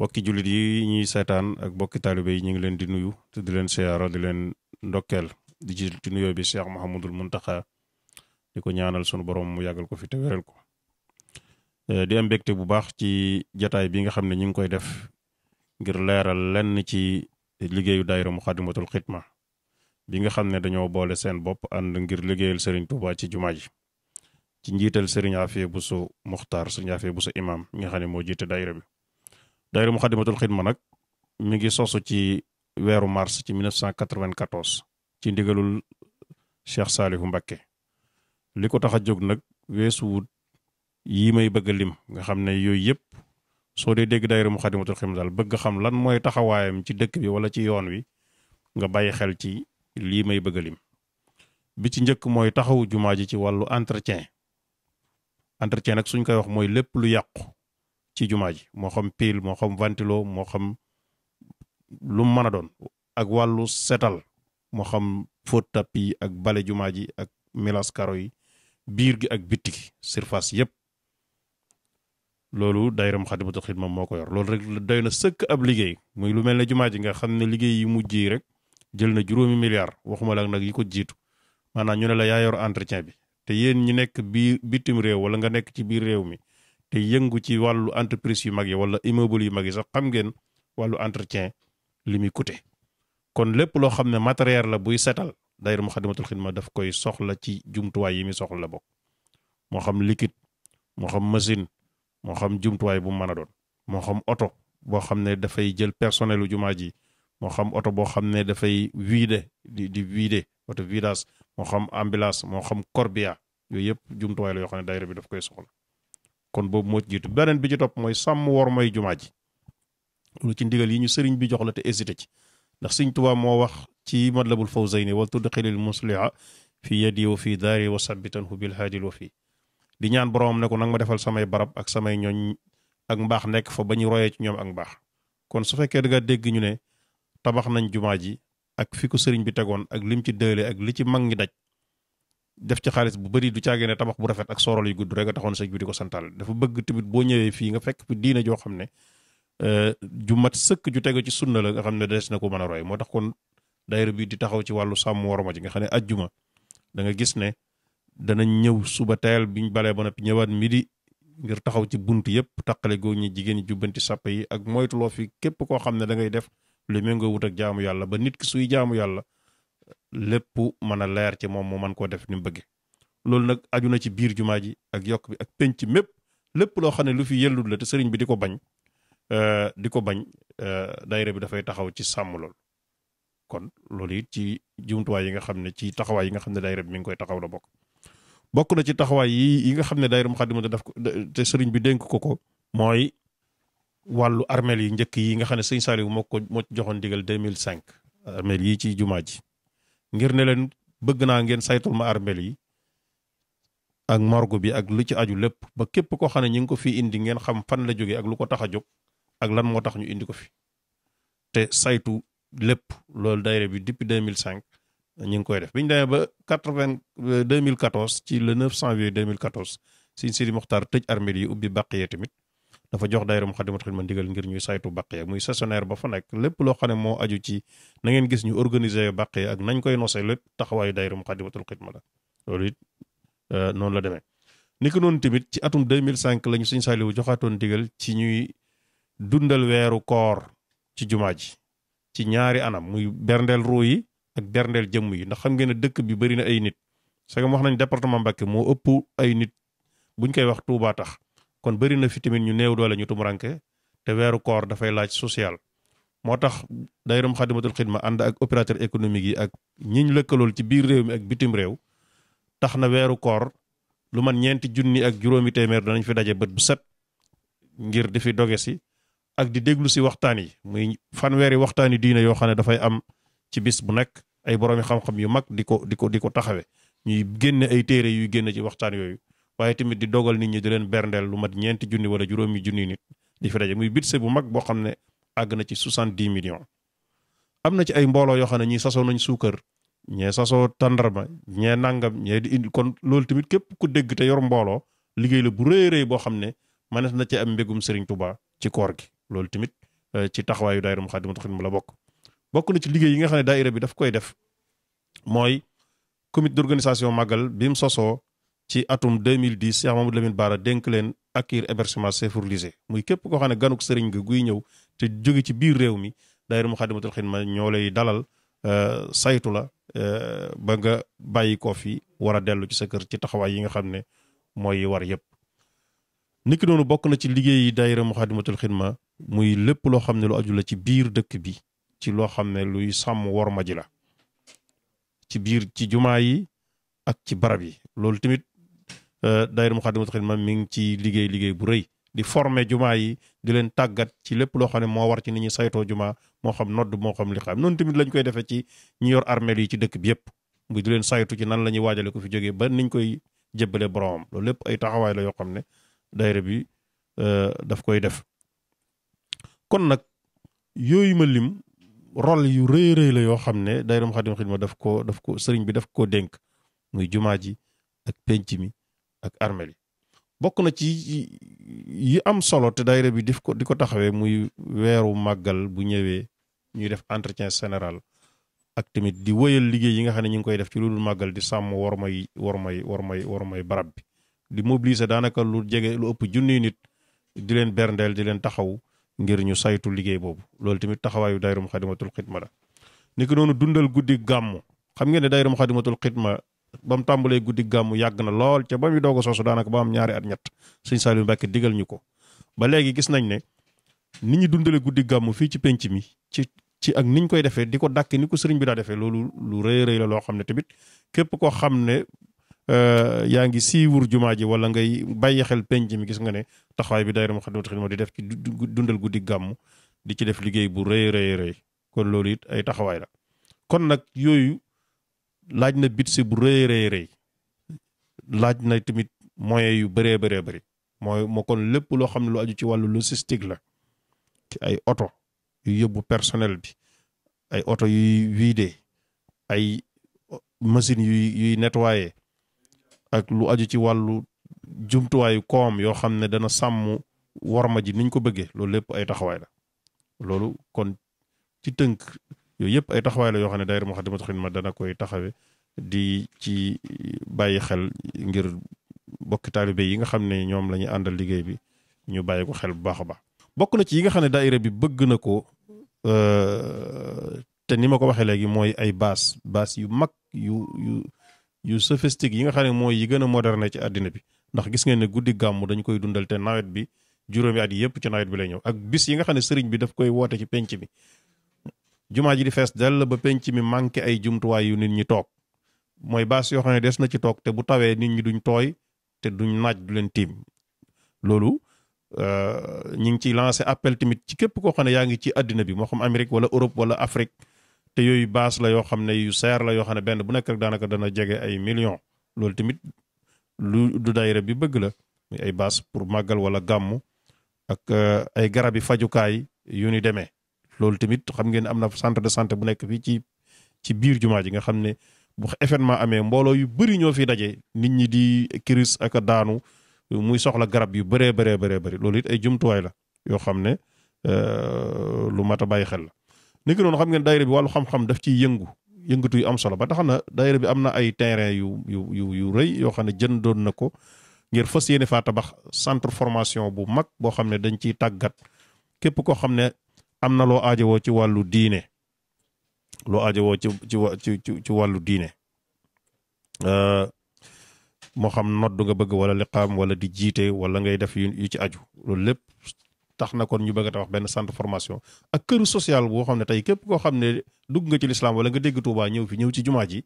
bokki jullit yi ñuy seetaan ak bokki taalibe yi ñu ngi leen di nuyu te di leen siyaara di leen ndokkeel di ci ci nuyoo bi Cheikh Mouhamadul Muntaxa di ko ñaanal sunu borom mu yàggal ko fi te ko eh, di am bu baax ci jataay bi nga xam ne ñu ngi koy def ngir leeral lenn ci liggéeyu daayira Muxaddamatul Xidma bi nga xam ne dañoo boole seen bopp ànd ngir liggéeyal Serigne Touba ci jumaa ci njiital Serigne Afia Bousso Muxtaar Serigne Afia Bousso imam mi nga xam ne moo jiite daayira bi daayira Muxaddamatul Xidma nag mi ngi sosu ci weeru mars ci 1994 ci ndigalul Cheikh Saalihu Mbakke li ko tax a jóg nag weesu wut yii may bëgg lim nga xam ne yooyu yëpp soo dee dégg daayira Muxaddamatul Xidma daal bëgg xam lan mooy taxawaayam ci dëkk bi wala ci yoon wi nga bàyyi xel ci lii may bëgg lim bi ci njëkk mooy taxawu jumaa ji ci wàllu entretien entretien nag suñ koy wax mooy lépp lu yàqu ci jumaa ji moo xam pile moo xam ventilo moo xam lu mën a doon ak wàllu setal moo xam fóot tapis yi ak bale jumaa ji ak milas karo yi biir gi ak bitti gi surface yëpp loolu daayira Moukhaddamatoul Khidma moo ko yor loolu rek doy na sëkk ab liggéey muy lu mel ne jumaa ji nga xam ne liggéey mujj rek jël na juróomi milliard waxuma la nag yi ko jiitu maanaam ñu ne la yaa yor entretien bi te yéen ñi nekk bii bitim réew wala nga nekk ci biir réew mi te yëngu ci wàllu entreprise yu mag yi wala immeuble yu mag yi sax xam ngeen wàllu entretien li muy coûter kon lépp loo xam ne matériel la buy setal daayira Muxaddamatul ma daf koy soxla ci jumtuwaay yi muy soxla la bokk moo xam liquide moo xam machine moo xam jumtuwaay bu mën a doon moo xam oto boo xam ne dafay jël personnel u jumaa ji moo xam oto boo xam ne dafay vider di di vider oto vidage moo xam ambulance moo xam corbia yooyu yëpp jumtuwaay la yoo xam ne daayira bi daf koy soxla kon boobu moo jiitu beneen bi ci topp mooy sàmm wor mooy jumaa ji lu ci ndigal yi ñu sëriñ bi jox la te hésité ci ndax Sëriñ Tuubaa moo wax ci Matlabul Fawzayni wal tudxilil musliha fi yadi wa fi daari wa sabbitanhu bil haadil wa fi di ñaan boroomam ne ko nag ma defal samay barab ak samay ñooñ ak mbaax nekk fa ba ñu royee ci ñoom ak mbaax kon su fekkee da nga dégg ñu ne tabax nañ jumaa ji ak fi ko sëriñ bi tegoon ak lim ci dëële ak li ci mag ñi daj def ci xaalis bu bari du caagee ne tabax bu rafet ak sorol yu gudd rek nga taxoon sëñ bi di ko santaal dafa bëgg tamit boo ñëwee nga fekk fi diina joo xam ne euh, ju mat sëkk ju tegu ci sunna la nga xam ne des na ko mën a roy moo tax kon daayira bi di taxaw ci wàllu sàmm warma ji nga xam ne ajjuma da nga gis ne danañ ñëw suba teel biñ balee ba noppi ñëwaat midi ngir taxaw ci bunt yëpp taqale góor ñi jigéen ñi jubbanti sàpp yi ak moytuloo fi képp koo xam ne da ngay def lu méngoo wut ak jaamu yàlla ba nit ki suy jaamu yàlla lépp mën a leer ci moom mu man koo def ni bëgg loolu nag aju na ci biir jumaa ji ak yokk bi ak penc mépp lépp loo xam ne lu fi yellul la te sëriñ bi di ko bañ euh, di ko bañ euh, daayira bi dafay taxaw ci sàmm lool kon loolu it ci jumtuwaay yi nga xam ne ci taxawaay yi nga xam ne daayira bi ngi koy taxaw la bokk bokk na ci taxawaay yi yi nga xam ne daayira Muxaddamatul daf ko te sëriñ bi dénk ko ko mooy wàllu armeel yi njëkk yi nga xam ne sëñ Saliou moo ko moo ci joxoon mille cinq armeel yi ci jumaa ji ngir ne leen bëgg naa ngeen saytul ma armel yi ak morgue bi ak lu ci aju lépp ba képp koo xam ne ñi ngi ko fi indi ngeen xam fan la jógee ak lu ko tax a jóg ak lan moo tax ñu indi ko fi te saytu lépp loolu daayira bi depuis 2005 ñu ngi koy def bi ñu demee ba quatre vingt 2014 ci le 9 janvier 2014 Sëriñ Sidi Mokhtar tëj armel yi ubbi bàq tamit dafa jox daayira Moukhaddamatoul Khidma ndigal ngir ñuy saytu baqe muy saisonnière ba fa nekk lépp loo xam ne moo aju ci na ngeen gis ñu organiser baqe ak nañ koy nosee lépp taxawaayu daayira Moukhaddamatoul Khidma la loolu it euh, noonu la demee. ni ko noonu tamit ci atum 2005 lañu Sëñ Saaliwu joxaatoon ndigal ci ñuy dundal weeru koor ci jumaa ji ci ñaari anam muy berndeel ruu yi ak berndeel jëmm yi ndax xam ngeen ne dëkk bi bari na ay nit. sëñ wax nañ département mbakke moo ëpp ay nit buñ koy wax tuubaa tax kon bëri na fi tamit ñu néew doole ñu tumuranke te weeru koor dafay laaj social moo tax dayiram xadimatul xidma ànd ak opérateur économique yi ak ñiñ lëkkalool ci biir réew mi ak bitim réew tax na weeru koor lu man ñeenti junni ak juróomi téeméer danañ fi daje bët bu set ngir di fi doge si ak di déglu si waxtaan yi muy fanweeri waxtaan yi diine yoo xam ne dafay am ci bis bu nekk ay boroomi xam-xam yu mag di ko di ko di ko taxawe ñuy génne ay téere yuy génn ci waxtaan yooyu waaye tamit di dogal nit ñi di leen berndeel lu mat ñeenti junni wala juróomi junni nit di fi daje muy budget bu mag boo xam ne àgg na ci soixante-dix million am na ci ay mbooloo yoo xam ne ñii sasoo nañ suukar ñee sasoo tàndarma ñee nangam ñee di indi kon loolu tamit képp ku dégg te yor mbooloo liggéey la bu rëy a rëy boo xam ne mënees na ci am mbegum Serigne Touba ci koor gi loolu tamit euh, ci taxawaayu daayira Moukhaddamatoul Khidma la bokk. bokk na ci liggéey yi nga xam ne daayira bi daf koy def mooy comité d'organisation màggal bi mu ci atum 2010 Cheikh Mamadou Lamine Bara dénk leen accueil hébergement c'est pour muy képp koo xam ne ganuk sëriñ nga guy ñëw te jóge ci biir réew mi daayira Muxaddamatul Xidma ñoo lay dalal euh, saytu la euh, ba nga bàyyi ko fi war dellu ci sa kër ci taxawaay yi nga xam ne mooy war yëpp. niki noonu bokk na ci liggéeyi daayira Muxaddamatul Xidma muy lépp loo xam ne lu aju la ci biir dëkk bi ci loo xam ne luy sàmm worma ji la ci biir ci jumaa yi ak ci barab yi Euh, daayira Moukhaddamatoul Khidma mi ngi ci liggéey liggéey bu rëy di former jumaa yi di leen tàggat ci lépp loo xam ne moo war ci ni ñuy saytoo jumaa moo xam nodd moo xam li xam noonu tamit lañ koy defee ci ñi yor armeel yi ci dëkk bi yépp mu di leen saytu ci nan la ñuy waajale ko fi jógee ba niñ koy jébbalee boromam loolu lépp ay taxawaay la yoo xam ne daayira bi euh, daf koy def kon nag yooyu ma lim rol yu rëy rëy la yoo xam ne daayira Moukhaddamatoul Khidma daf ko daf ko sëriñ bi daf koo dénk muy jumaa ji ak penc mi ak armel yi bokk na ci yi am solo te daayira bi dif ko di ko taxawee muy weeru màggal bu ñëwee ñuy def entretien général ak tamit di wëyal liggéey yi nga xam ne ñu ngi koy def ci lu dul màggal di sàmm war may war may war may war may barab bi di mobiliser daanaka lu jege lu ëpp junniy nit di leen berndeel di leen taxaw ngir ñu saytu liggéey boobu loolu tamit taxawaayu dayrum xadimatul xidma la ni ko noonu dundal guddi gàmmu xam ngeen ne dayrum xadimatul ba mu tàmbalee guddi gàmmu yàgg na lool ca ba muy doog a soosu daanaka ba am ñaari at ñett sëñ Saliou Mbacke digal ñu ko ba léegi gis nañ ne ni ñu dundalee guddi gàmm fii ci penc mi ci ci ak niñ koy defee di ko dàkk ni ko sëriñ bi daa defee loolu lu rëy rëy la loo xam ne tamit képp koo xam ne euh, yaa ngi siiwur jumaa ji wala ngay bàyyi xel penc mi gis nga ne taxawaay bi daayira Moukhaddamatoul Khidma di def ci dundal guddi gàmmu di ci def liggéey bu rëy rëy rëy kon loolu it ay taxawaay la kon nag yooyu laaj na budget bu rëy rëy rëy laaj na tamit moyens yu bëree bëree bari mooy moo kon lépp loo xam ne lu aju ci wàllu logistique la ci ay oto yu yóbbu personnel bi ay oto yuy vidé ay machines yuy yuy nettoyé ak lu aju ci wàllu jumtuwaayu koom yoo xam ne dana sàmm warma ji niñ ko bëggee loolu lépp ay taxawaay la loolu kon ci tënk yooyu yëpp ay taxawaay la yoo xam ne daayira Moukhaddamatoul Khidma dana koy taxawe ci bàyyi xel ngir bokki yi nga xam ne ñoom la àndal liggéey bi ñu bàyyi ko xel bu baax a baax bokk na ci yi nga xam ne daayira bi bëgg na ko euh, te ni ma ko waxee léegi mooy ay baas baas yu mag yu yu yu yi nga xam ne mooy yi gën a moderne ci àddina bi ndax gis ngeen ne guddi gàmm dañ koy dundal te nawet bi juróomi at yëpp ci nawet bi lay ñëw ak bis yi nga xam ne sëriñ bi daf koy woote ci penc mi jumaa ji di fees dell ba penc mi manqué ay jumtuwaay yu nit ñi toog mooy baas yoo xam ne des na ci toog te bu tawee nit ñi duñ tooy te duñ naaj du leen tiim loolu euh, ñu ngi ciy lancé appel tamit ci képp koo xam ne yaa ngi ci àddina bi moo xam Amérique wala Europe wala Afrique te yooyu baas la yoo xam ne yu seer la yoo xam ne benn bu nekk rek daanaka dana jege ay millions loolu tamit lu du daayira bi bëgg la muy ay baas pour màggal wala gàmmu ak euh, ay garabi fajukaay yu ni demee loolu tamit xam ngeen am na centre de santé bu nekk fii ci ci biir jumaa ji nga xam ne bu événement amee mboolooyu yu bëri ñoo fi daje nit ñi di kiris ak a daanu muy soxla garab yu bëree bëree bëree bëri loolu it ay jumtuwaay la yoo xam ne euh, lu mat a bàyyi xel la. ni ki noonu xam ngeen daayira bi wàllu xam-xam daf ciy yëngu yëngatu yu am solo ba tax na daayira bi am na ay terrain yu yu yu yu rëy yoo xam ne jëndoon na ko ngir fas yéene faa tabax centre formation bu mag boo xam ne dañ ciy tàggat képp koo xam ne am na loo aajowoo ci wàllu diine loo aajowoo ci ci ci ci wàllu diine euh, moo xam nodd nga bëgg wala liqaam wala di jiite wala ngay def yu ci aju loolu lépp tax na kon ñu bëgg a benn centre formation ak kër social boo xam ne tey képp koo xam ne dugg nga ci lislaam wala nga dégg Tuubaa ñëw fi ñëw ci jumaa ji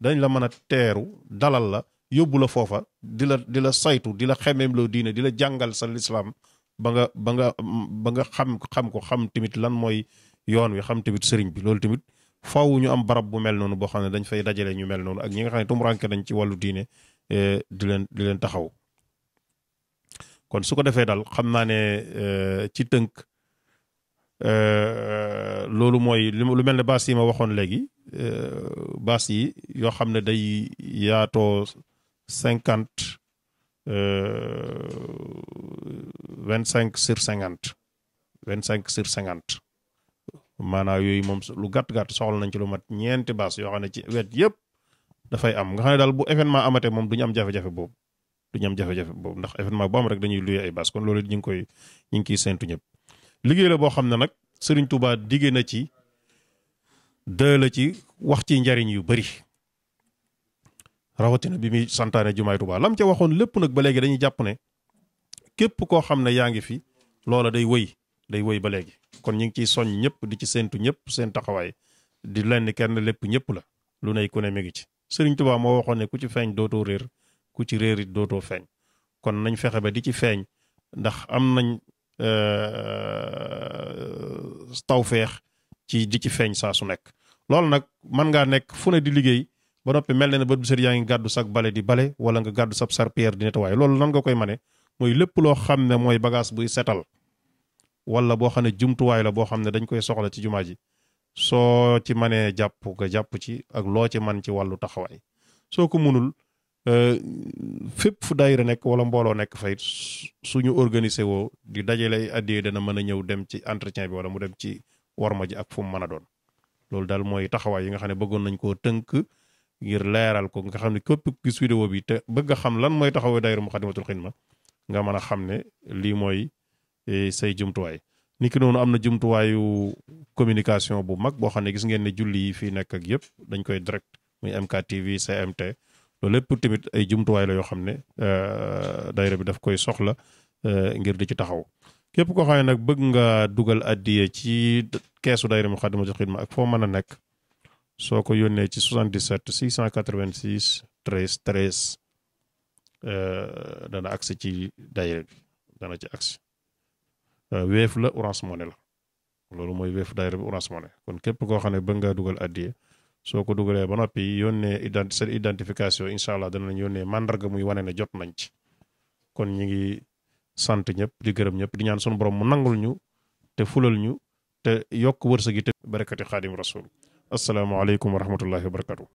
dañ la mën a teeru dalal la yóbbu la foofa di la di la saytu di la xemeem loo diine di la jàngal sa lislaam ba nga ba nga ba nga xam xam ko xam tamit lan mooy yoon wi xam tamit sëriñ bi loolu tamit faw ñu am barab bu mel noonu boo xam ne dañ fay dajale ñu mel noonu ak ñi nga xam ne tumuranke dañ ci wàllu diine eh, di leen di leen taxaw kon su ko defee daal xam naa ne eh, ci tënk eh, loolu mooy lu mel ne baas yi ma waxoon léegi baas yi yoo xam ne day yaatoo cinquante Euh, vingt cinq sur cinquante vingt cinq sur cinquante maanaam yooyu moom lu gàtt-gàtt soxla nañ ci lu mat ñeenti baas yoo xam ne ci wet yëpp dafay am nga xam ne daal bu événement amate moom du am jafe-jafe boobu du ñu am jafe-jafe boobu ndax événement bu am rek dañuy luye ay baas kon loolu ñu ngi koy ñu ngi koy séntu ñëpp liggéey la boo xam ne nag Serigne Touba diggee na ci dëe la ci wax ci njariñ yu bari rawatina bi muy santaane jumaay Tuubaa lam ca waxoon lépp nag ba léegi dañuy jàpp ne képp koo xam ne yaa ngi fi loola day woy day woy ba léegi kon ñu ngi ciy soñ ñëpp di ci séentu ñëpp seen taxawaay di lenn kenn lépp ñëpp la lu nay ku ne mi ngi ci Sëriñ Tuubaa moo waxoon ne ku ci feeñ dootoo réer ku ci réer it dootoo feeñ kon nañ fexe ba di ci feeñ ndax am nañ euh, tawfeex ci di ci feeñ saa su nekk loolu nag mën ngaa nekk fu ne di liggéey ba noppi mel na ne bët bu set yaa ngi gàddu sag bale di bale wala nga gàddu sab serpillière di nettoyer loolu nan nga koy mane mooy lépp loo xam ne mooy bagage buy setal wala boo xam ne jumtuwaay la boo xam ne dañ koy soxla ci jumaa ji soo ci manee jàpp nga jàpp ci ak loo ci man ci wàllu taxawaay soo ko munul euh, fépp fu daayira nekk wala mbooloo nekk fay suñu organisé woo di dajale addee dana mën a ñëw dem ci entretien bi wala mu dem ci warma ji ak fu mu mën a doon loolu daal mooy taxawaay yi nga xam ne bëggoon nañ koo tënk ngir leeral ko nga xam ne képp gis vidéo bi te bëgg a xam lan mooy taxawoo daayira Muxaddamatul Xidma nga man a xam ne lii mooy eh, sey jumtuwaay. ni ki noonu am na jumtuwaayu communication bu mag boo xam ne gis ngeen ne julli yi fii nekk ak yëpp dañ koy direct muy MKTV CMT loolu lépp tamit ay jumtuwaay la yoo xam ne eh, daayira bi daf koy soxla eh, ngir di ci taxaw. képp ko xam ne nag bëgg nga dugal addiye ci keesu daayira Muxaddamatul ma ak foo mën a nekk. soo ko yónnee ci 77 686 13 13 dana agsi ci daayira bi dana ci agsi euh, Wave la Orange Money la loolu mooy weef daayira bi Orange Money kon képp koo xam ne bëgg ngaa dugal addiya soo ko dugalee ba noppi yónnee ident seen identification incha allah danañ yónnee mandarga muy wane ne jot nañ ci kon ñi ngi sant ñëpp di gërëm ñëpp di ñaan sunu borom mu nangul ñu te fulal ñu te yokk wërsëg yi te barakati xaadim rasul asalaamaaleykum wa rahmatullahi wa barakatu